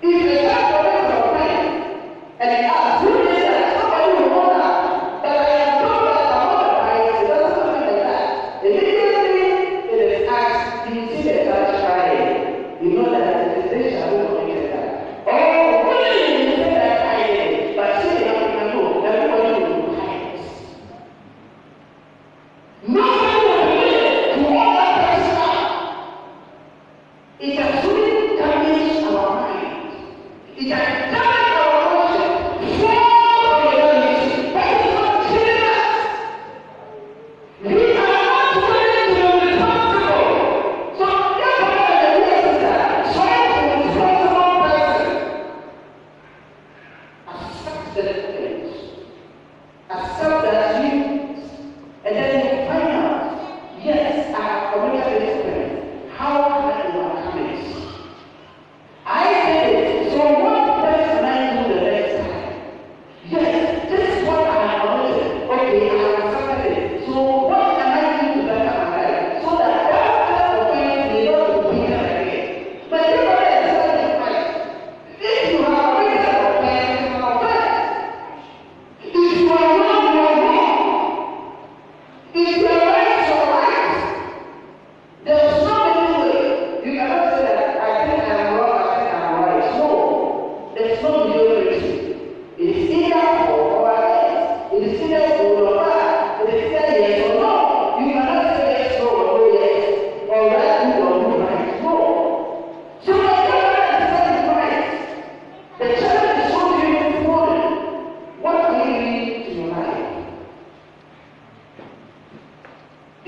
If the church does a surprise and it asks,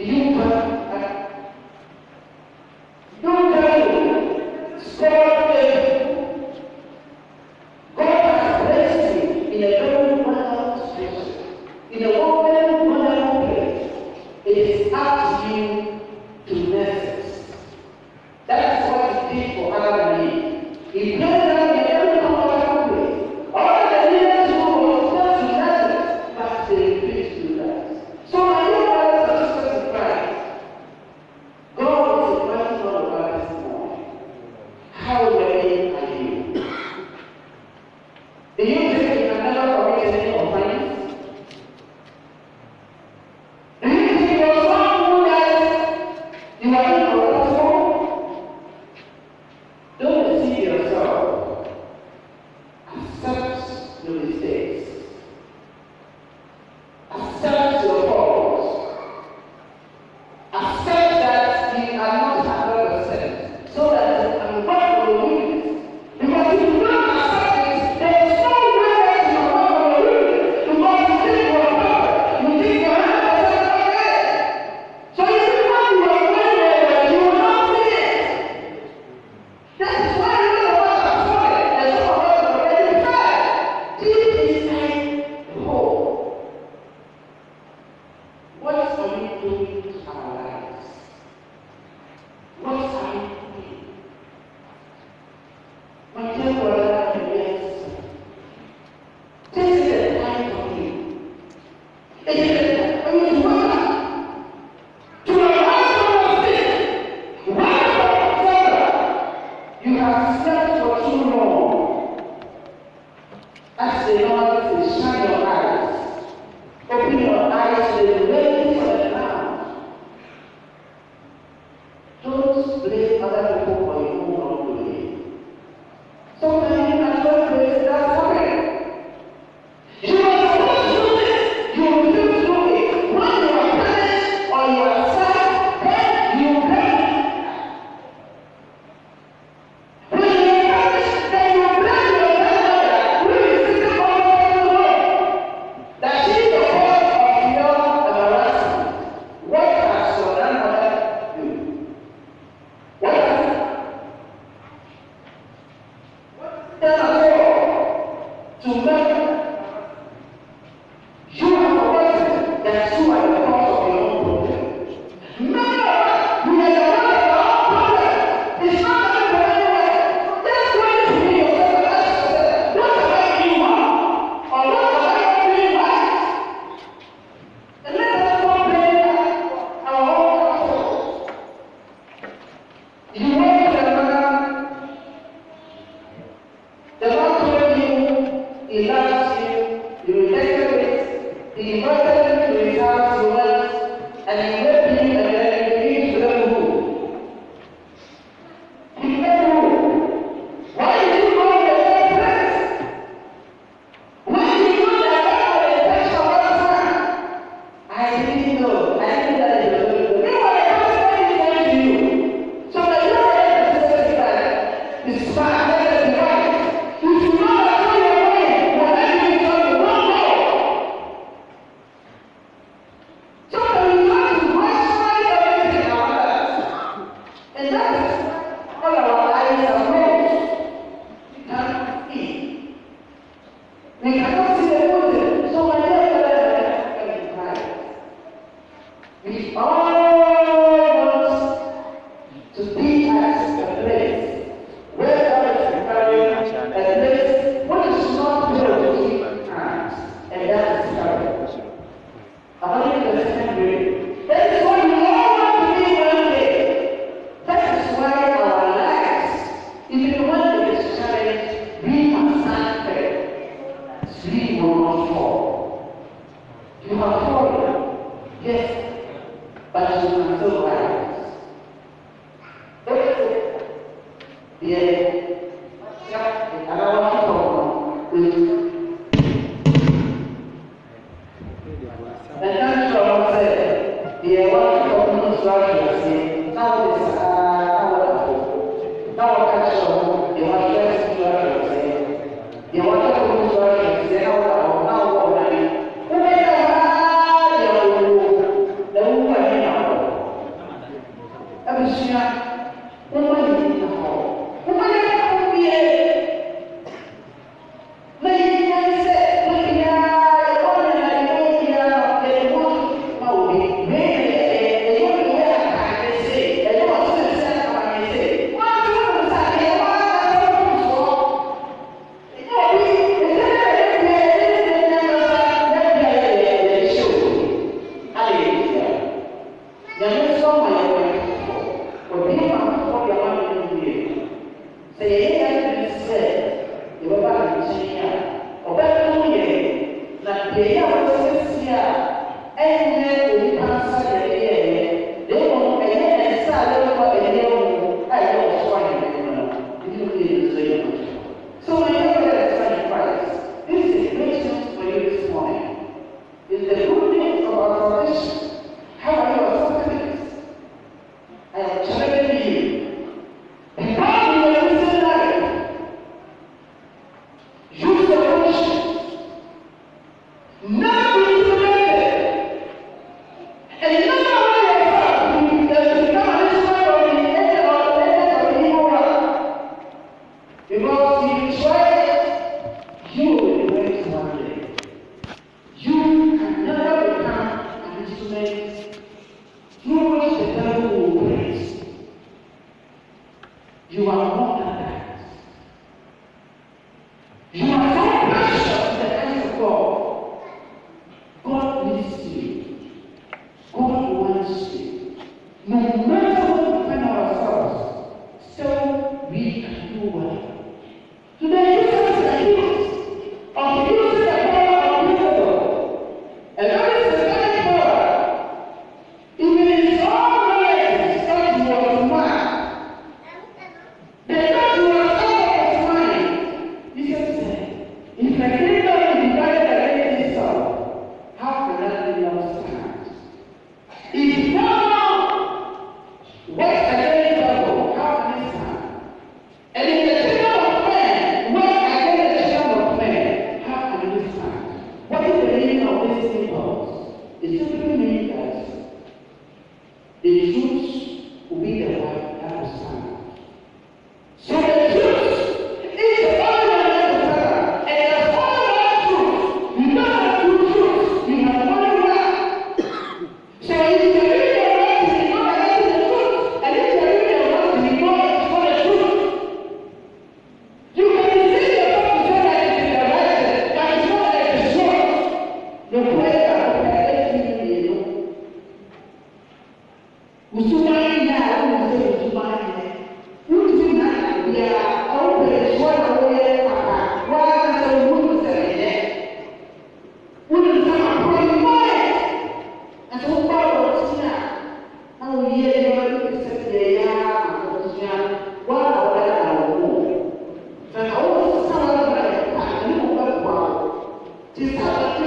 Y Zeichen, dass sie na Yeah. You are not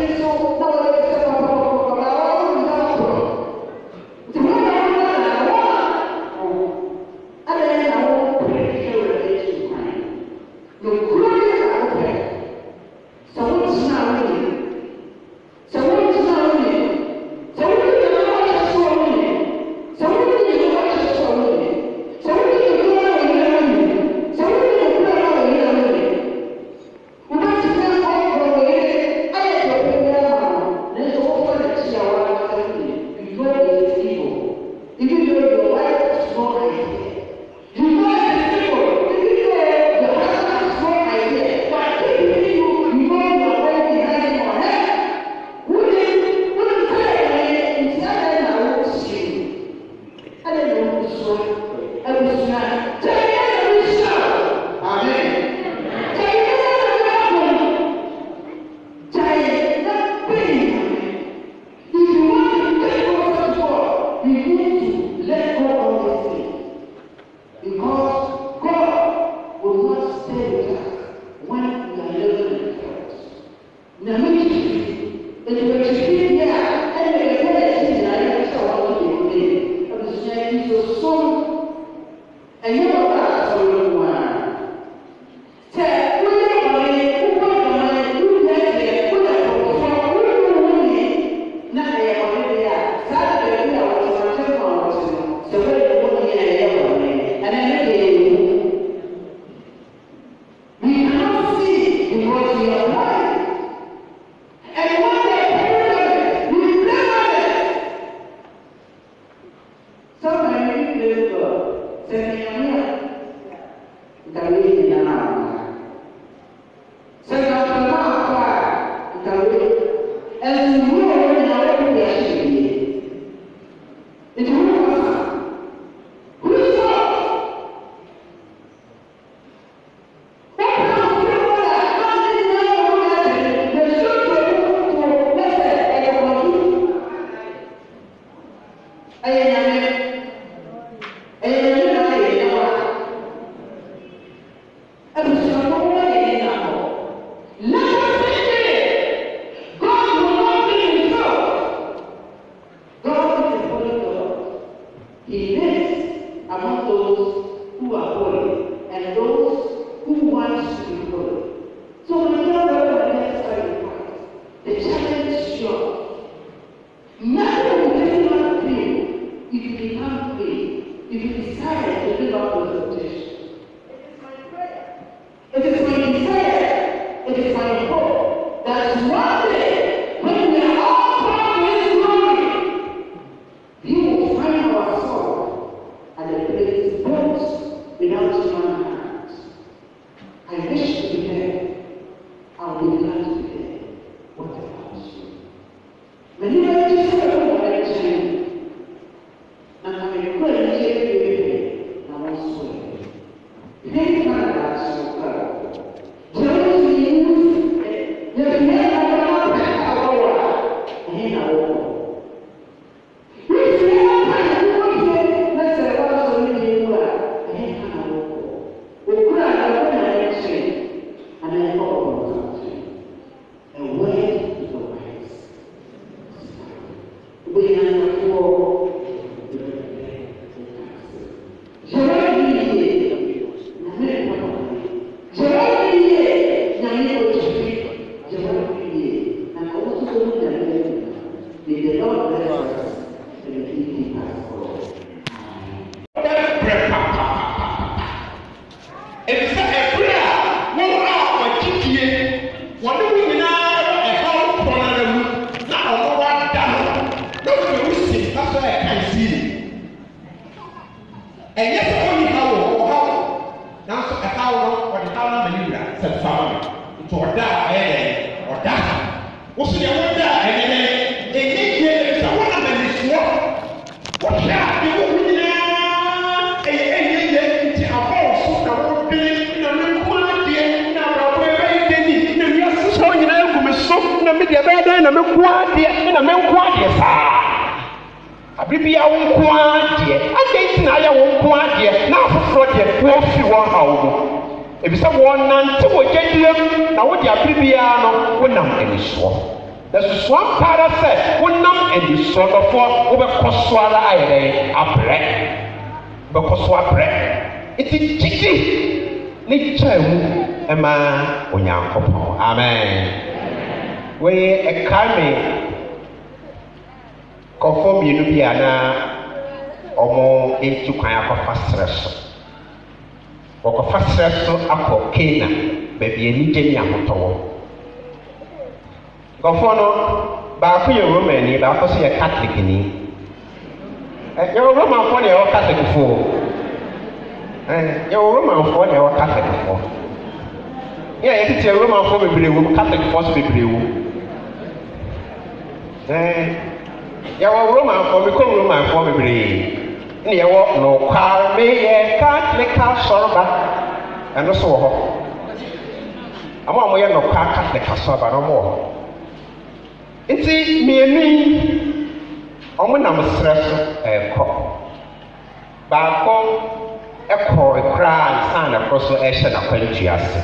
你说，那我。Você tem a minha me deɛ ɛbɛyɛ dɛn na me ko adeɛ ɛna me nko adeɛ saa abiri bi a wo nko adeɛ adeɛ ti na ayɛ wo nko adeɛ na afoforɔ deɛ wɔn firi wɔn ha wo ho ebisɛ wɔn nante wɔ gyadiɛ na wode abiri biara no wonam anisoɔ na susua pa ara sɛ wonam anisoɔ dɔfoɔ wobɛkɔ so ara ayɛ dɛ abrɛ wobɛkɔ so abrɛ nti gyigyi ne kyɛn mu ɛmaa onyankopɔn amen. wɔyɛ ɛkaame kɔfɔ mmienu bi a na ọmụ etu kwan akɔfa serɛ so wɔkɔfa serɛ so akɔ keena baabi anigye ne ahotɔ wɔ nkɔfɔ no baako yɛ romani baako nso yɛ katolikni yɛwɔ romanfoɔ na yɛwɔ katolikfoɔ yɛwɔ romanfoɔ na yɛwɔ katolikfoɔ yɛ yɛ romanfoɔ bebree wɔ mu bebree yɛwɔ romanfoɔ mekɔ romanfoɔ bebree ne yɛwɔ nokware meyɛ katolika sɔreba ɛno so wɔ hɔ ama a moyɛ nokware katolika sɔreba no ɔmo wɔ hɔ nti mmienu yi ɔmo nam serɛ so ɛrekɔ baako ɛkɔɔ koraa nsan na ɛkɔ so ɛhyɛ n'akwantua ase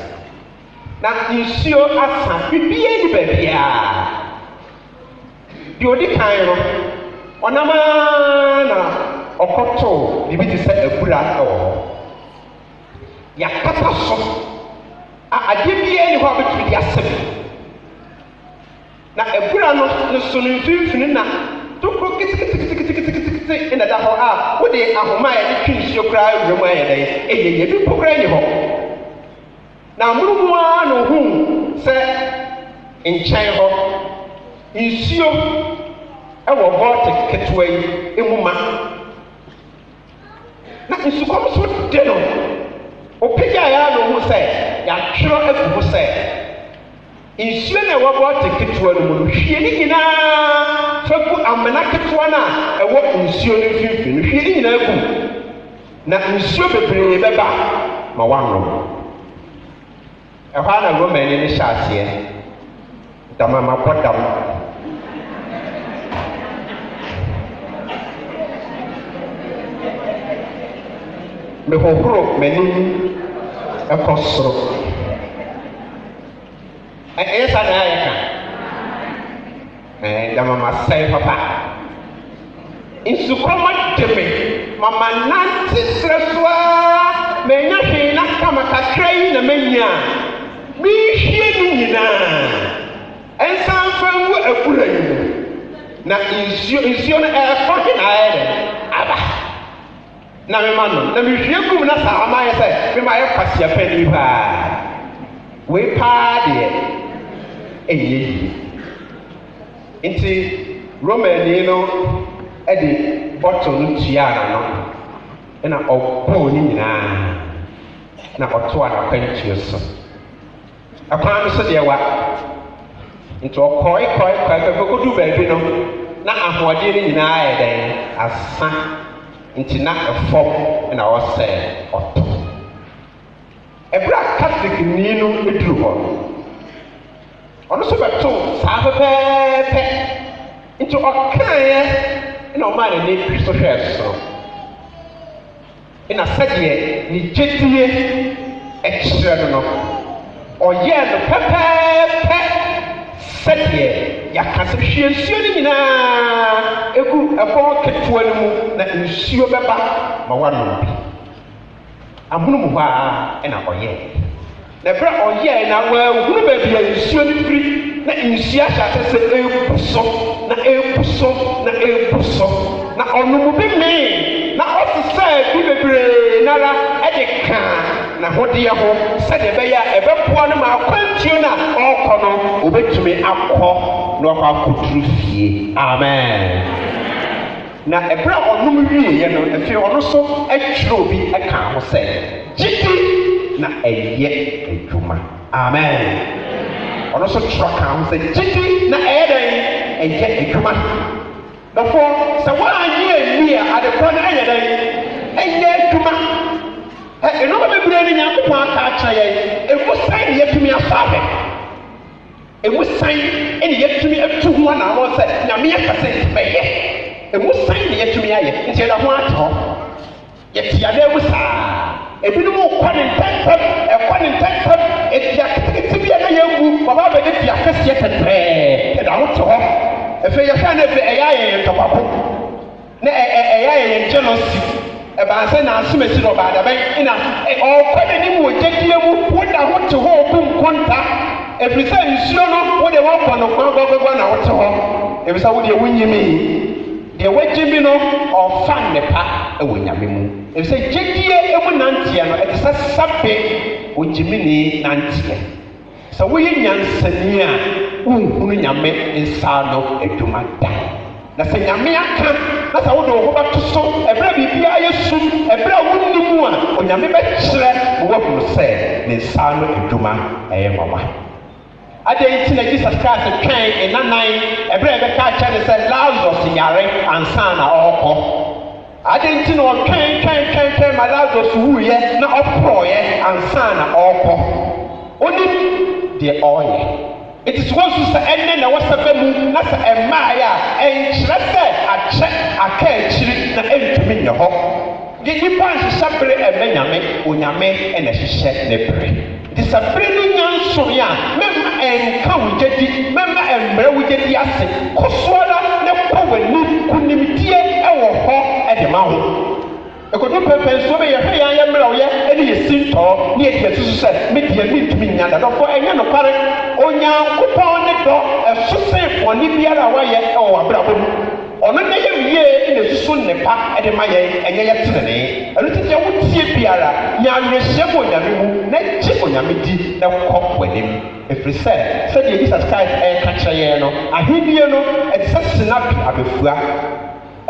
na nsuo asa bibia ni baabiara deɛ ɔdi kan no ɔnam ara na ɔkɔtoo biribi te sɛ abura wɔ hɔ yɛakata so a adeɛ biara ni hɔ a bɛtumi de asɛm na abura no ne so no mfimfini na tokuro ketekete na da hɔ a wode ahoma a yɛde twe nsuo koraa awura mu ayɛ dɛn ɛyɛyɛ bi po koraa ni hɔ na mmoromu ara na ohuu sɛ nkyɛn hɔ nsuo ɛwɔ bɔɔte ketewa yi emu ma na nsukɔm so de no opegya a yɛa no ho sɛ y'atwerɛ agu ho sɛ nsuo na ɛwɔ bɔɔte ketewa no mu no hwie ne nyinaa fa gu amena ketewa no a ɛwɔ nsuo no mfimfini no hwie ne nyinaa gu na nsuo bebree bɛba ma woanom ɛhɔ a na romani no hyɛ aseɛ bɔ dam. mehohoro m'anim ɛkɔ soro ɛyɛ saa na ayɛ ka ɛɛ dama ma sɛɛ papa nsukurama dɛmɛ mama nante serɛ soa mɛnya hwee na kama kakra yi na mɛnya mehwie no nyinaa ɛnsan fa ngu akura yi mu na nsuo nsuo no ɛɛfa hena ayɛ dɛ aba na mema nom na mehwie gum na saa ama yɛ sɛ mema yɛ kwasia pani paa wei paa deɛ ɛyɛ yie nti romani no ɛde bɔtɔ no tua n'ano ɛna ɔbɔɔ ne nyinaa na ɔtoa n'akwantuo so akwan no so deɛ wa nti ɔkɔe kɔe kɔe kɔe kɔdu baabi no na ahoɔden no nyinaa yɛ dɛn asa nti na ɛfɔm na ɔsɛ ɔtɔ ɛbrɛ a catholic nii no duru hɔ ɔno nso bɛto saa pɛpɛɛpɛ nti ɔkaeɛ na ɔmaa n'ani kiri so hwɛ soro na sɛdeɛ ne gyedie kyerɛ no no ɔyɛɛ no pɛpɛɛpɛ sɛdeɛ yɛakasa hwie nsuo no nyinaa ɛgu ɛfɔm ketewa no mu na nsuo bɛba ma woanom bi amono mu hɔ a ɛna ɔyɛɛ na ɛberɛ ɔyɛɛ na wɔahunu baabi a nsuo no firi na nsuo ahyɛ sɛ ɛrebu so na ɛrebu so na ɛrebu so na ɔnom bi mee na ɔsesaa bi bebree nara ɛde kaa n'ahodeɛ ho sɛdeɛ ɛbɛyɛ a ɛbɛboa no ma akwantuo na a ɔrekɔ no wɔbɛtumi akɔ na wakɔ akɔturu fie amen na ɛbrɛ a ɔnom wieɛ no afei ɔno so atwerɛ obi ka ho sɛ gyidi na ɛyɛ adwuma amen ɔno so twerɛ ka ho sɛ gyidi na ɛyɛ dɛn ɛyɛ adwuma dɔfo sɛ woanyɛ ani a adekorɔ no ɛyɛ dɛn ɛyɛ adwuma ɛnoma bebree no nyankopɔn aka akyerɛ yɛn ɛmu sɛn ne yɛtumi afa abɛ ɛmu san ɛna yɛtumi atu ho anaabɔ sɛ nyame akasɛ bɛyɛ ɛmu san na yɛtumi ayɛ nti ɛda ho atɔ yɛte adeɛ mu saa ebinom kɔ ne ntɛntɛm ɛkɔ ne ntɛntɛm etia ketekete bi a na yɛ gu baba abɛde tia kɛseɛ tɛtɛɛ ɛda ho te hɔ efe yɛfɛ na efe ɛyɛ ayɛ yɛn tɔkpako na ɛ ɛ ɛyɛ ayɛ yɛn jealousy ɛbaasa na asom esi na ɔbaadabɛn ɛna ɔkɔ n'anim wɔ gyegyeɛ mu woda ho te hɔ ɔbu nkonta efirisa nsuo no wo deɛ wɔbɔ no gbɔgbɔgbɔgbɔ na wote hɔ efirisa wo deɛ wonyimi deɛ wɔgye mi no ɔfa nnepa ɛwɔ nyame mu efirisa gyegye emu nanteɛ no ɛte sɛ sabe ogyimi ne nanteɛ sɛ woyɛ nyansani a wonhunu nyame nsa no adwuma da na sɛ nyame aka na sɛ wode wo ho bɛto so ɛberɛ a biribiaa yɛ sum ɛberɛ a wonni mu a onyame bɛkyerɛ wowahunu sɛ ne nsa no adwuma ɛyɛ mama adeɛ nti na jesus christ twɛn nnanan ɛberɛ a ɛbɛka akyɛ ne sɛ lazarus yare ansa na ɔrekɔ adeɛ nti na ɔtwɛn twɛn twɛn twɛn ma lazarus wuyɛ na ɔporɔyɛ ansa na ɔrekɔ onim deɛ ɔreyɛ eti sɛ wɔn nso sɛ ɛnɛ na wɔsɛ bɛ mu na sɛ ɛmmaayɛ a ɛnkyerɛ sɛ akyɛ aka akyiri na ɛntumi nyɛ hɔ de nipa nhyehyɛ bere ɛbɛ nyame onyame ɛna ɛhyehyɛ ne bere te sɛ bere no nya nsoe a nkwagye di ase kosoɔ la ne kɔ w'ani kunimdie ɛwɔ hɔ ɛde ma ho ekoto pɛpɛ nsuo bɛ yɛhwɛ yɛn ayɛ mmerɛ ɔyɛ ɛne yɛ si ntɔɔ ne yɛ tiɛ soso sɛ me deɛ mi ntumi nya dadɔfo ɛnyɛ nokware onyankopɔn ne dɔ ɛso sen biara a wayɛ ɛwɔ w'abrabɔ mu ɔno ne yɛ wie na esusu nnepa de ma yɛn ɛnyɛ yɛ tenenee ɛno ti sɛ wotie biara nya awerɛhyɛ mu onyame mu na gye onyame di na kɔ w'anim ɛfiri sɛ sɛdeɛ jesus christ ɛreka kyerɛ yɛn no ahennie no ɛte sɛ sena bi abɛfua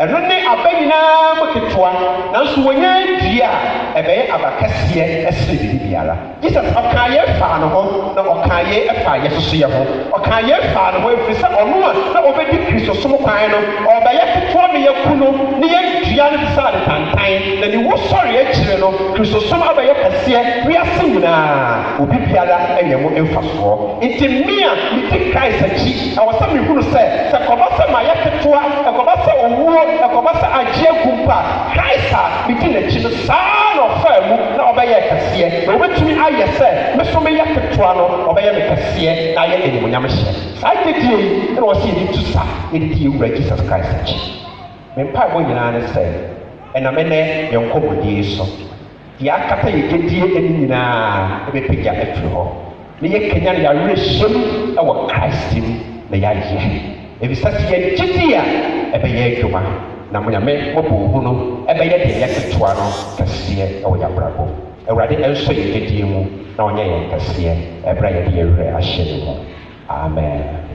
ɛno ne aba nyinaa mu ketewa nanso wɔnya dua a ɛbɛyɛ aba kɛseɛ ɛsɛ biribi biara jesus ɔkaa yɛ faa ne ho na ɔkaa yɛ ɛfaa yɛ soso yɛ ho ɔkaa yɛ faa ne ho efiri sɛ ɔno a na ɔbɛdi kristo som kwan no ɔbɛyɛ ketewa ne yɛ ku no ne yɛ dua no sɛ ade tantan na ne wo sɔre akyire no kristo som abɛyɛ kɛseɛ wiase nyinaa obi biara ɛyɛ mo mfasoɔ nti mmea ne ti kae sɛ akyi ɛwɔ sɛ mehunu sɛ sɛ kɔba sɛ ma yɛ ketewa ɛkɔba sɛ owuo ɛkɔba sɛ agyeɛ gu mpa christ n'akyi no saa na ɔfaa mu na ɔbɛyɛ kɛseɛ na wobɛtumi ayɛ sɛ me meyɛ ketewa no ɔbɛyɛ me kɛseɛ na ayɛ animonyam hyɛ saa gyedie yi na wɔsɛ yɛde sa yɛde di jesus christ akyi me mpaebɔ nyinaa ne sɛ ɛnam ɛnɛ yɛn nkɔmmɔdie so deɛ akata yɛ gyedie ani nyinaa ɛbɛpagya afiri hɔ na yɛkanya no yɛawerɛhyɛm ɛwɔ christ mu na yɛayɛ ebisa sɛ yɛn gyidi a ɛbɛyɛ adwuma na nyame wɔbɔ ohu no ɛbɛyɛ deɛ yɛketewa no kɛseɛ ɛwɔ yɛn abrabɔ awurade ɛnso yɛn gyidie mu na ɔnyɛ yɛn kɛseɛ ɛbrɛ yɛde yɛn ahyɛ ne mu amen.